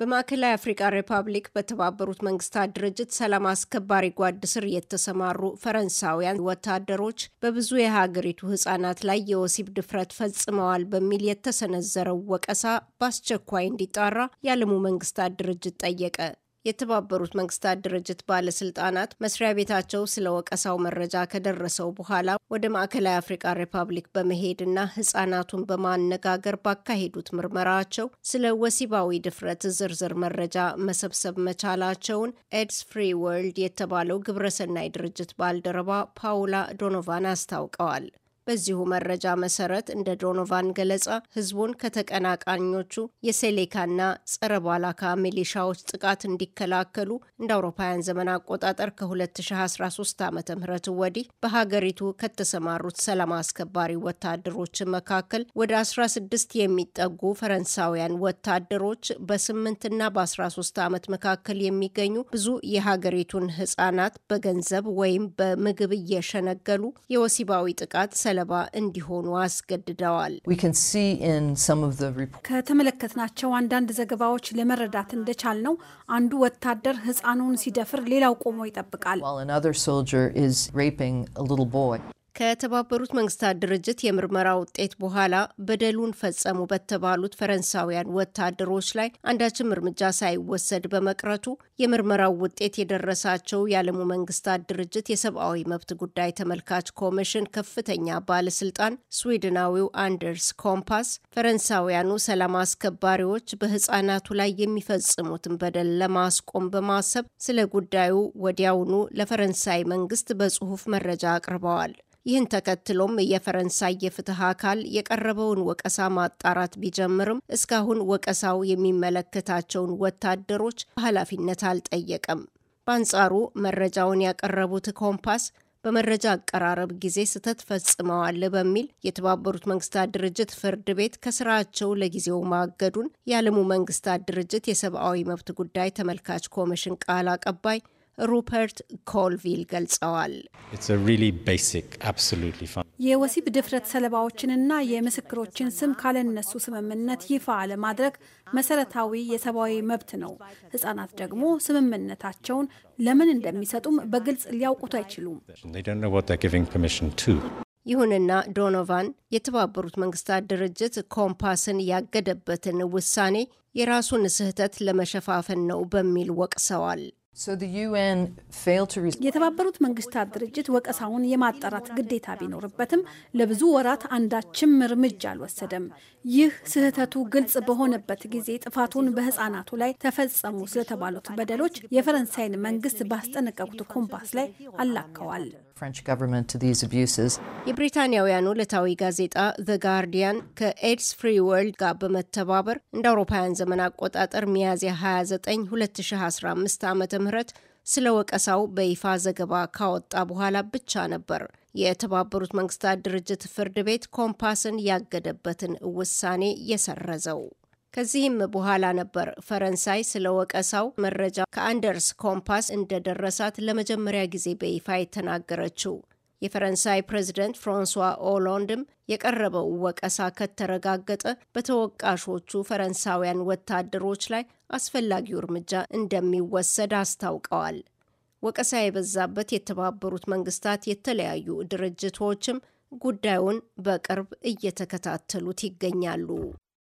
በማዕከላዊ አፍሪካ ሪፐብሊክ በተባበሩት መንግስታት ድርጅት ሰላም አስከባሪ ጓድ ስር የተሰማሩ ፈረንሳውያን ወታደሮች በብዙ የሀገሪቱ ህጻናት ላይ የወሲብ ድፍረት ፈጽመዋል በሚል የተሰነዘረው ወቀሳ በአስቸኳይ እንዲጣራ የዓለሙ መንግስታት ድርጅት ጠየቀ። የተባበሩት መንግስታት ድርጅት ባለስልጣናት መስሪያ ቤታቸው ስለ ወቀሳው መረጃ ከደረሰው በኋላ ወደ ማዕከላዊ አፍሪካ ሪፐብሊክ በመሄድና ህጻናቱን በማነጋገር ባካሄዱት ምርመራቸው ስለ ወሲባዊ ድፍረት ዝርዝር መረጃ መሰብሰብ መቻላቸውን ኤድስ ፍሪ ወርልድ የተባለው ግብረሰናይ ድርጅት ባልደረባ ፓውላ ዶኖቫን አስታውቀዋል። በዚሁ መረጃ መሰረት እንደ ዶኖቫን ገለጻ ህዝቡን ከተቀናቃኞቹ የሴሌካና ጸረ ባላካ ሚሊሻዎች ጥቃት እንዲከላከሉ እንደ አውሮፓውያን ዘመን አቆጣጠር ከ2013 ዓ ም ወዲህ በሀገሪቱ ከተሰማሩት ሰላም አስከባሪ ወታደሮች መካከል ወደ 16 የሚጠጉ ፈረንሳውያን ወታደሮች በ8ና በ13 ዓመት መካከል የሚገኙ ብዙ የሀገሪቱን ህጻናት በገንዘብ ወይም በምግብ እየሸነገሉ የወሲባዊ ጥቃት ሰለባ እንዲሆኑ አስገድደዋል። ከተመለከትናቸው አንዳንድ ዘገባዎች ለመረዳት እንደቻል ነው አንዱ ወታደር ሕፃኑን ሲደፍር ሌላው ቆሞ ይጠብቃል። ከተባበሩት መንግስታት ድርጅት የምርመራ ውጤት በኋላ በደሉን ፈጸሙ በተባሉት ፈረንሳውያን ወታደሮች ላይ አንዳችም እርምጃ ሳይወሰድ በመቅረቱ የምርመራው ውጤት የደረሳቸው የዓለሙ መንግስታት ድርጅት የሰብአዊ መብት ጉዳይ ተመልካች ኮሚሽን ከፍተኛ ባለስልጣን ስዊድናዊው አንደርስ ኮምፓስ ፈረንሳውያኑ ሰላም አስከባሪዎች በህጻናቱ ላይ የሚፈጽሙትን በደል ለማስቆም በማሰብ ስለ ጉዳዩ ወዲያውኑ ለፈረንሳይ መንግስት በጽሁፍ መረጃ አቅርበዋል። ይህን ተከትሎም የፈረንሳይ የፍትህ አካል የቀረበውን ወቀሳ ማጣራት ቢጀምርም እስካሁን ወቀሳው የሚመለከታቸውን ወታደሮች ኃላፊነት አልጠየቀም። በአንጻሩ መረጃውን ያቀረቡት ኮምፓስ በመረጃ አቀራረብ ጊዜ ስህተት ፈጽመዋል በሚል የተባበሩት መንግስታት ድርጅት ፍርድ ቤት ከስራቸው ለጊዜው ማገዱን የዓለሙ መንግስታት ድርጅት የሰብአዊ መብት ጉዳይ ተመልካች ኮሚሽን ቃል አቀባይ ሩፐርት ኮልቪል ገልጸዋል። የወሲብ ድፍረት ሰለባዎችንና የምስክሮችን ስም ካለነሱ ስምምነት ይፋ ለማድረግ መሰረታዊ የሰብአዊ መብት ነው። ህጻናት ደግሞ ስምምነታቸውን ለምን እንደሚሰጡም በግልጽ ሊያውቁት አይችሉም። ይሁንና ዶኖቫን የተባበሩት መንግስታት ድርጅት ኮምፓስን ያገደበትን ውሳኔ የራሱን ስህተት ለመሸፋፈን ነው በሚል ወቅሰዋል። የተባበሩት መንግስታት ድርጅት ወቀሳውን የማጣራት ግዴታ ቢኖርበትም ለብዙ ወራት አንዳችም እርምጃ አልወሰደም። ይህ ስህተቱ ግልጽ በሆነበት ጊዜ ጥፋቱን በህፃናቱ ላይ ተፈጸሙ ስለተባሉት በደሎች የፈረንሳይን መንግስት ባስጠነቀቁት ኮምፓስ ላይ አላከዋል። የብሪታንያውያኑ ዕለታዊ ጋዜጣ ዘ ጋርዲያን ከኤድስ ፍሪ ወርልድ ጋር በመተባበር እንደ አውሮፓውያን ዘመን አቆጣጠር ሚያዝያ 29 2015 ዓ ምህረት ስለ ወቀሳው በይፋ ዘገባ ካወጣ በኋላ ብቻ ነበር የተባበሩት መንግስታት ድርጅት ፍርድ ቤት ኮምፓስን ያገደበትን ውሳኔ የሰረዘው። ከዚህም በኋላ ነበር ፈረንሳይ ስለ ወቀሳው መረጃ ከአንደርስ ኮምፓስ እንደደረሳት ለመጀመሪያ ጊዜ በይፋ የተናገረችው። የፈረንሳይ ፕሬዚደንት ፍራንሷ ኦሎንድም የቀረበው ወቀሳ ከተረጋገጠ በተወቃሾቹ ፈረንሳውያን ወታደሮች ላይ አስፈላጊው እርምጃ እንደሚወሰድ አስታውቀዋል። ወቀሳ የበዛበት የተባበሩት መንግስታት የተለያዩ ድርጅቶችም ጉዳዩን በቅርብ እየተከታተሉት ይገኛሉ።